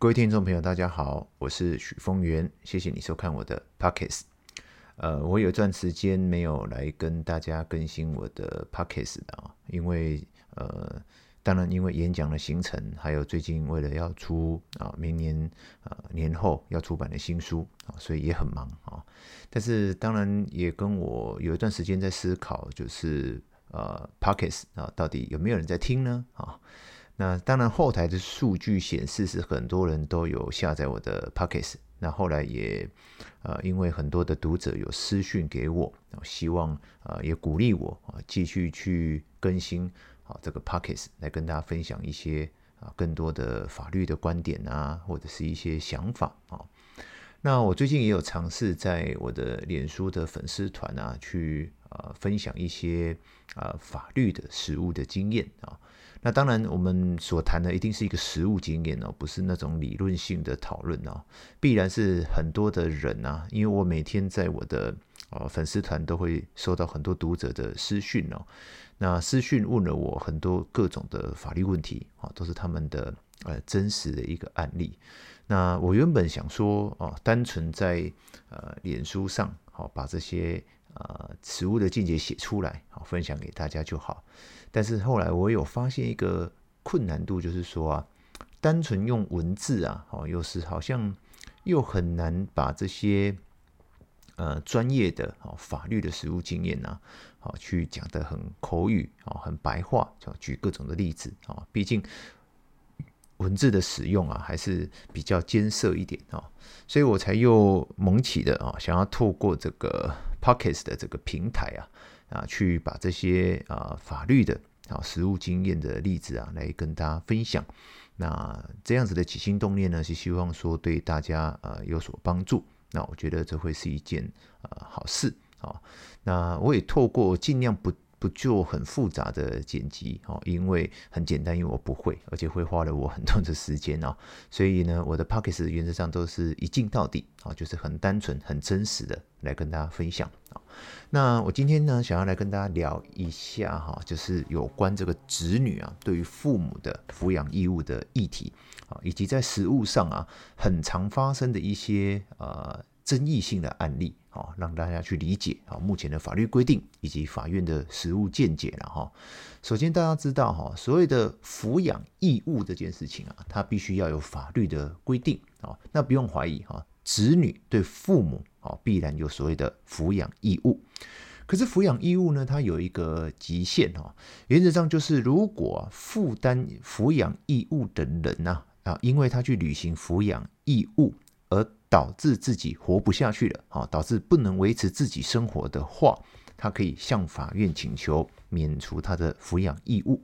各位聽眾朋友，大家好，我是許峰源，謝謝你收看我的 Podcast。呃，我有一段時間沒有來跟大家更新我的 Podcast，啊，因為呃，當然因為演講的行程，還有最近為了要出啊，明年，啊，年後要出版的新書啊，所以也很忙啊。但是當然也跟我有一段時間在思考，就是呃 Podcast，啊，到底有沒有人在聽呢？啊？那當然，後台的數據顯示是很多人都有下載我的 Podcast。那後來也，呃，因為很多的讀者有私訊給我，希望啊、呃，也鼓勵我啊，繼續去更新啊、哦、這個 Podcast，來跟大家分享一些啊、呃、更多的法律的觀點啊，或者是一些想法啊、哦。那我最近也有嘗試在我的臉書的粉絲團啊去。分享一些啊，法律的實務的經驗啊。那當然，我們所談的一定是一個實務經驗哦，不是那種理論性的討論哦。必然是很多的人吶，因為我每天在我的啊粉絲團都會收到很多讀者的私訊哦。那私訊問了我很多各種的法律問題啊，都是他們的呃真實的一個案例。那我原本想說啊，單純在呃臉書上好把這些。呃，實務的見解寫出來，好、哦、分享給大家就好。但是後來我有發現一個困難度，就是說啊，單純用文字啊，好、哦，又是好像又很難把這些呃專業的啊、哦、法律的實務經驗吶、啊，好、哦、去講得很口語啊、哦，很白話，就舉各種的例子啊。畢、哦、竟文字的使用啊，還是比較艱澀一點啊、哦，所以我才又萌起的啊、哦，想要透過這個。Podcast 的這個平台啊啊，去把這些啊、呃、法律的啊實務經驗的例子啊，來跟大家分享。那這樣子的起心動念呢，是希望說對大家啊、呃、有所幫助。那我覺得這會是一件啊、呃、好事啊、哦。那我也透過盡量不。不做很複雜的剪輯，因為很簡單，因為我不會，而且會花了我很多的時間啊。所以呢，我的 Pockets 原則上都是一鏡到底啊，就是很單純、很真實的來跟大家分享啊。那我今天呢，想要來跟大家聊一下哈，就是有關這個子女啊，對於父母的撫養義務的議題啊，以及在實務上啊，很常發生的一些啊，呃爭議性的案例啊，讓大家去理解啊，目前的法律規定，以及法院的實務見解了哈。首先，大家知道哈，所謂的扶養義務這件事情啊，它必須要有法律的規定啊。那不用懷疑哈，子女對父母啊，必然有所謂的扶養義務。可是扶養義務呢，它有一個極限哈。原則上就是，如果負擔扶養義務的人吶啊，因為他去履行扶養義務。而導致自己活不下去了，啊，導致不能維持自己生活的話，他可以向法院請求免除他的扶養義務。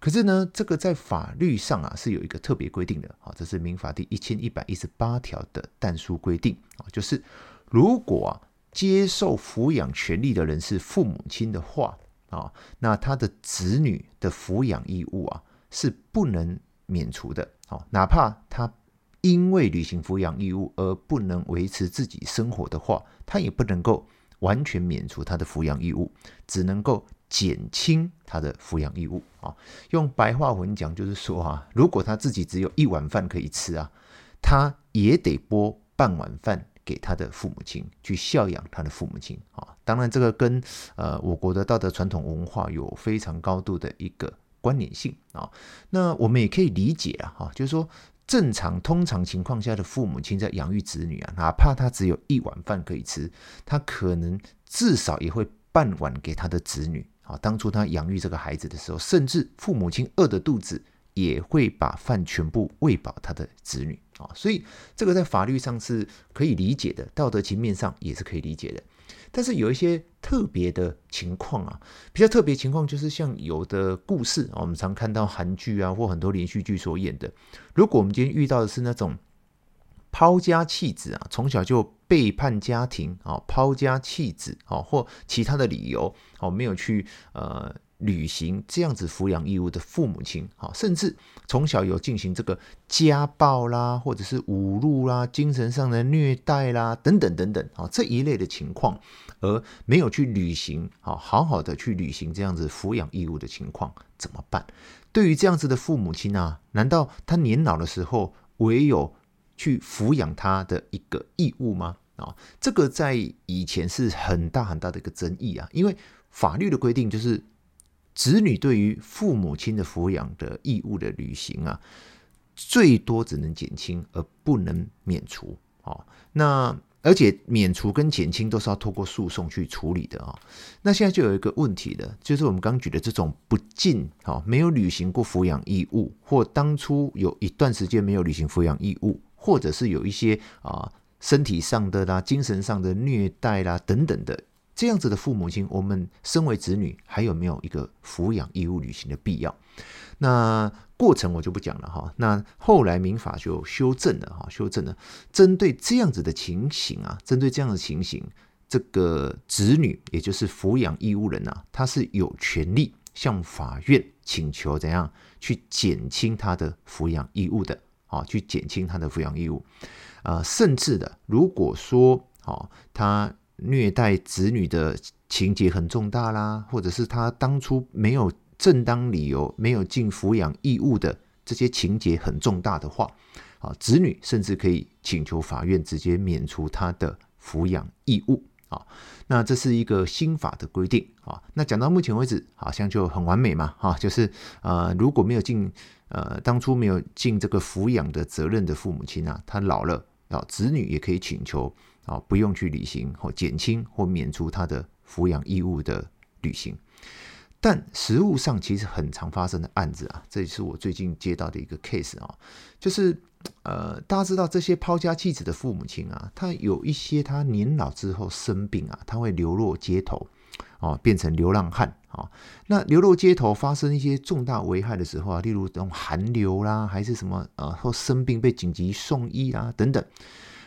可是呢，這個在法律上啊是有一個特別規定的，啊，這是民法第一千一百一十八條的但書規定啊，就是如果、啊、接受扶養權利的人是父母親的話，啊，那他的子女的扶養義務啊是不能免除的，哪怕他。因為履行撫養義務而不能維持自己生活的話，他也不能夠完全免除他的撫養義務，只能夠減輕他的撫養義務啊、哦。用白話文講，就是說啊，如果他自己只有一碗飯可以吃啊，他也得撥半碗飯給他的父母親去孝養他的父母親啊、哦。當然，這個跟呃我國的道德傳統文化有非常高度的一個關聯性啊、哦。那我們也可以理解啊，哦、就是說。正常、通常情況下的父母親在養育子女啊，哪怕他只有一碗飯可以吃，他可能至少也會半碗給他的子女。啊，當初他養育這個孩子的時候，甚至父母親餓得肚子。也會把飯全部餵飽他的子女啊，所以這個在法律上是可以理解的，道德情面上也是可以理解的。但是有一些特別的情況啊，比較特別的情況就是像有的故事啊，我們常看到韓劇啊或很多連續劇所演的。如果我們今天遇到的是那種拋家棄子啊，從小就背叛家庭啊，拋家棄子啊，或其他的理由哦，沒有去呃。履行這樣子扶養義務的父母親，哈，甚至從小有進行這個家暴啦，或者是侮辱啦、精神上的虐待啦，等等等等，啊，這一類的情況，而沒有去履行，啊，好好的去履行這樣子扶養義務的情況，怎麼辦？對於這樣子的父母親啊，難道他年老的時候還有去扶養他的一個義務嗎？啊，這個在以前是很大很大的一個爭議啊，因為法律的規定就是。子女對於父母親的撫養的義務的履行啊，最多只能減輕而不能免除，哦，那而且免除跟減輕都是要透過訴訟去處理的啊，哦。那現在就有一個問題了，就是我們剛舉的這種不盡啊，哦，沒有履行過撫養義務，或當初有一段時間沒有履行撫養義務，或者是有一些啊，哦，身體上的啦、精神上的虐待啦等等的。這樣子的父母親，我們身為子女還有沒有一個扶養義務履行的必要？那過程我就不講了哈。那後來民法就修正了哈，修正了針對這樣子的情形啊，針對這樣的情形，這個子女也就是扶養義務人吶、啊，他是有權利向法院請求怎樣去減輕他的扶養義務的啊，去減輕他的扶養義務啊、呃，甚至的，如果說啊，他、哦。虐待子女的情節很重大啦，或者是他當初沒有正當理由，沒有盡撫養義務的這些情節很重大的話，啊，子女甚至可以請求法院直接免除他的撫養義務啊。那這是一個新法的規定啊。那講到目前為止，好像就很完美嘛，哈，就是呃，如果沒有盡呃當初沒有盡這個撫養的責任的父母親啊，他老了啊，子女也可以請求。啊、哦，不用去履行或、哦、減輕或免除他的撫養義務的履行，但實務上其實很常發生的案子啊，這也是我最近接到的一個 case 啊、哦，就是呃，大家知道這些拋家棄子的父母親啊，他有一些他年老之後生病啊，他會流落街頭哦，變成流浪漢啊、哦，那流落街頭發生一些重大危害的時候啊，例如這種寒流啦，還是什麼呃，或生病被緊急送醫啊等等。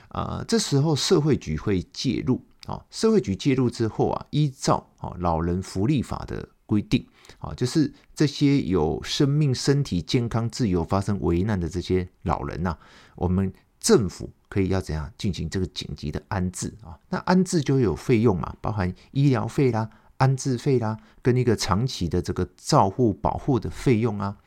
啊、呃，這時候社會局會介入啊、哦。社會局介入之後啊，依照啊老人福利法的規定啊、哦，就是這些有生命、身體健康、自由發生危難的這些老人吶、啊，我們政府可以要怎樣進行這個緊急的安置啊、哦？那安置就有費用嘛，包含醫療費啦、安置費啦，跟一個長期的這個照護保護的費用啊。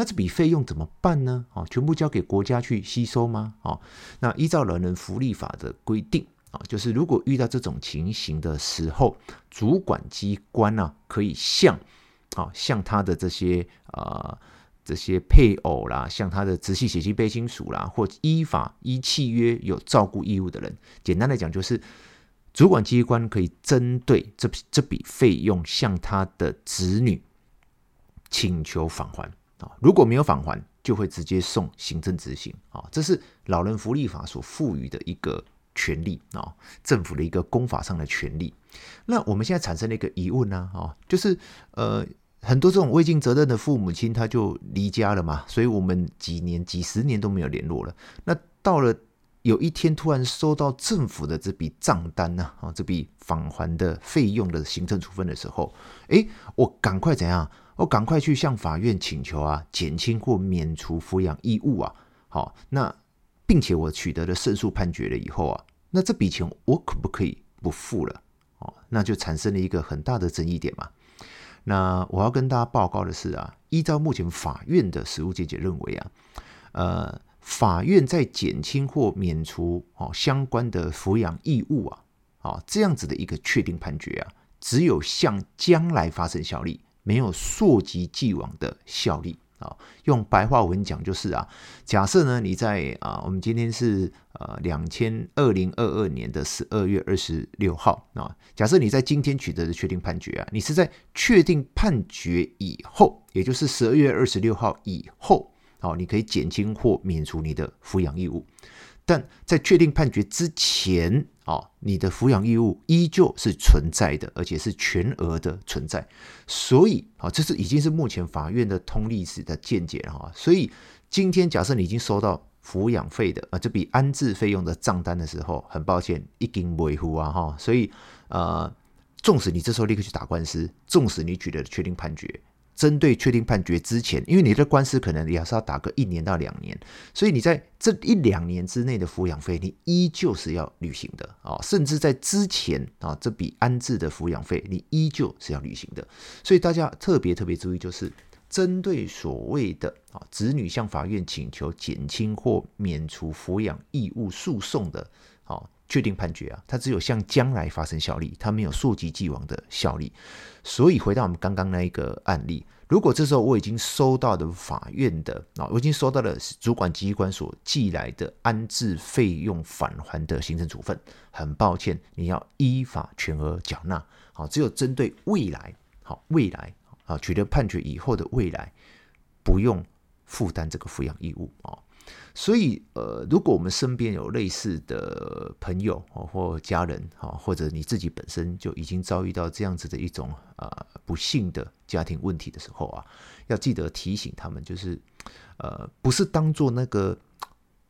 那這筆費用怎麼辦呢？啊，全部交給國家去吸收嗎？啊，那依照老人福利法的規定啊，就是如果遇到這種情形的時候，主管機關啊可以向，啊，向他的這些呃這些配偶啦，向他的直系血親卑親屬啦，或依法依契約有照顧義務的人，簡單來講，就是主管機關可以針對這這筆費用向他的子女請求返還。啊，如果沒有返還，就會直接送行政執行啊，這是老人福利法所賦予的一個權利啊，政府的一個公法上的權利。那我們現在產生了一個疑問呢，啊，就是呃，很多這種未盡責任的父母親，他就離家了嘛，所以我們幾年、幾十年都沒有聯絡了，那到了。有一天突然收到政府的這筆賬單呢，啊，這筆返還的費用的行政處分的時候，哎，我趕快怎樣？我趕快去向法院請求啊，減輕或免除撫養義務啊。好，那並且我取得了勝訴判決了以後啊，那這筆錢我可不可以不付了？哦，那就產生了一個很大的爭議點嘛。那我要跟大家報告的是啊，依照目前法院的實務見解認為啊，呃。法院在減輕或免除哦相關的撫養義務啊，啊這樣子的一個確定判決啊，只有向將來發生效力，沒有溯及既往的效力啊、哦。用白話文講就是啊，假設呢你在啊，我們今天是呃兩千二零二二年的十二月二十六號啊，假設你在今天取得的確定判決啊，你是在確定判決以後，也就是十二月二十六號以後。好、哦，你可以減輕或免除你的撫養義務，但在確定判決之前，哦，你的撫養義務依舊是存在的，而且是全額的存在。所以，啊、哦，這是已經是目前法院的通歷史的見解了哈、哦。所以，今天假設你已經收到撫養費的，啊，這筆安置費用的賬單的時候，很抱歉，一定維護啊哈。所以，呃，縱使你這時候立刻去打官司，縱使你取得了確定判決。針對確定判決之前，因為你的官司可能也是要打個一年到兩年，所以你在這一兩年之內的撫養費，你依舊是要履行的啊，甚至在之前啊，這筆安置的撫養費，你依舊是要履行的。所以大家特別特別注意，就是針對所謂的啊，子女向法院請求減輕或免除撫養義務訴訟的。確定判決啊，它只有向將來發生效力，它沒有溯及既往的效力。所以回到我們剛剛那一個案例，如果這時候我已經收到的法院的啊，我已經收到了主管機關所寄來的安置費用返還的行政處分，很抱歉，你要依法全額繳納。啊，只有針對未來，好未來啊，取得判決以後的未來，不用負擔這個扶養義務啊。所以，呃，如果我們身邊有類似的朋友，哦，或家人，哦，或者你自己本身就已經遭遇到這樣子的一種，呃，不幸的家庭問題的時候啊，要記得提醒他們，就是，呃，不是當做那個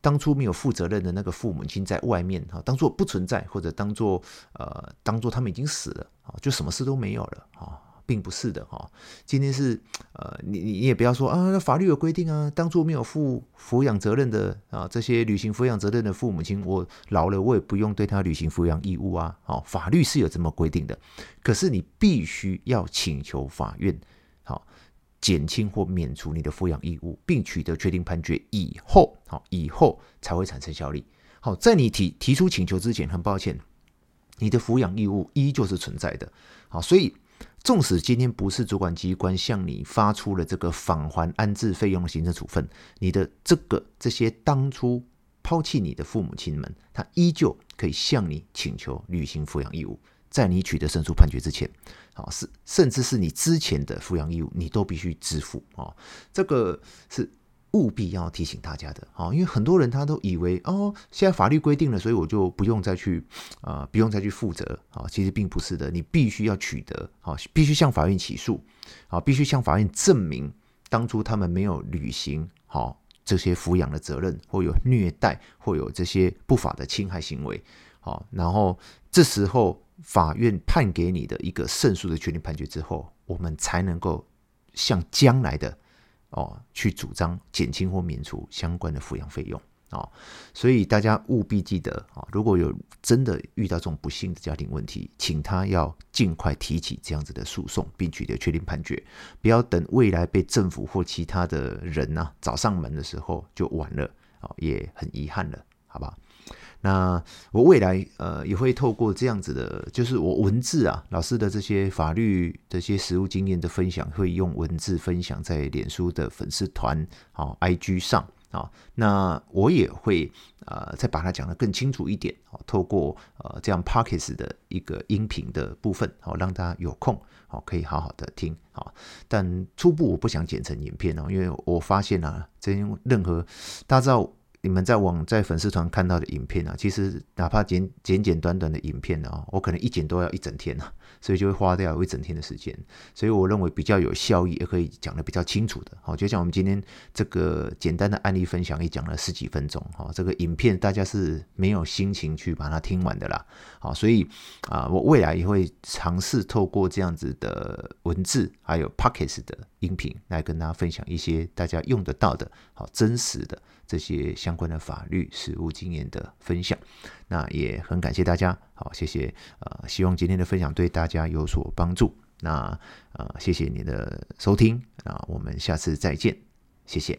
當初沒有負責任的那個父母親在外面，哦，當做不存在，或者當做呃，當做他們已經死了，哦，就什麼事都沒有了，哦。並不是的哈，今天是呃，你你你也不要說啊，法律有規定啊，當初沒有負撫養責任的啊，這些履行撫養責任的父母親，我老了我也不用對他履行撫養義務啊。好、啊，法律是有這麼規定的，可是你必須要請求法院好、啊、減輕或免除你的撫養義務，並取得確定判決以後好、啊、以後才會產生效力。好、啊，在你提提出請求之前，很抱歉，你的撫養義務依舊是存在的。好、啊，所以。縱使今天不是主管機關向你發出了這個返還安置費用的行政處分，你的這個這些當初拋棄你的父母親們，他依舊可以向你請求履行撫養義務，在你取得勝訴判決之前，啊，是甚至是你之前的撫養義務，你都必須支付啊，這個是。務必要提醒大家的，好，因為很多人他都以為哦，現在法律規定了，所以我就不用再去啊、呃，不用再去負責啊。其實並不是的，你必須要取得啊，必須向法院起訴，啊，必須向法院證明當初他們沒有履行好這些撫養的責任，或有虐待，或有這些不法的侵害行為，好，然後這時候法院判給你的一個勝訴的確定判決之後，我們才能夠向將來的。哦，去主張減輕或免除相關的撫養費用哦所以大家務必記得啊，哦，如果有真的遇到這種不幸的家庭問題，請他要盡快提起這樣子的訴訟，並取得確定判決，不要等未來被政府或其他的人吶、啊，找上門的時候就晚了啊，哦，也很遺憾了，好不好？那我未來呃，也會透過這樣子的，就是我文字啊老師的這些法律這些實務經驗的分享，會用文字分享在臉書的粉絲團啊、哦、IG 上、哦、那我也會呃再把它講得更清楚一點、哦、透過呃這樣 Podcast 的一個音頻的部分哦，讓大家有空、哦、可以好好的聽、哦、但初步我不想剪成影片哦，因為我發現啊，這任何大家知道。你們在網在粉絲團看到的影片啊，其實哪怕簡簡簡短短的影片呢、啊，我可能一剪都要一整天呢、啊。所以就會花掉一整天的時間，所以我認為比較有效益，也可以講得比較清楚的。好，就像我們今天這個簡單的案例分享，也講了十幾分鐘。哈，這個影片大家是沒有心情去把它聽完的啦。好，所以啊，我未來也會嘗試透過這樣子的文字，還有 Podcast 的音頻，來跟大家分享一些大家用得到的、好真實的這些相關的法律實務經驗的分享。那也很感謝大家，好，謝謝，呃，希望今天的分享對大家有所幫助。那，呃，謝謝你的收聽那，啊，我們下次再見，謝謝。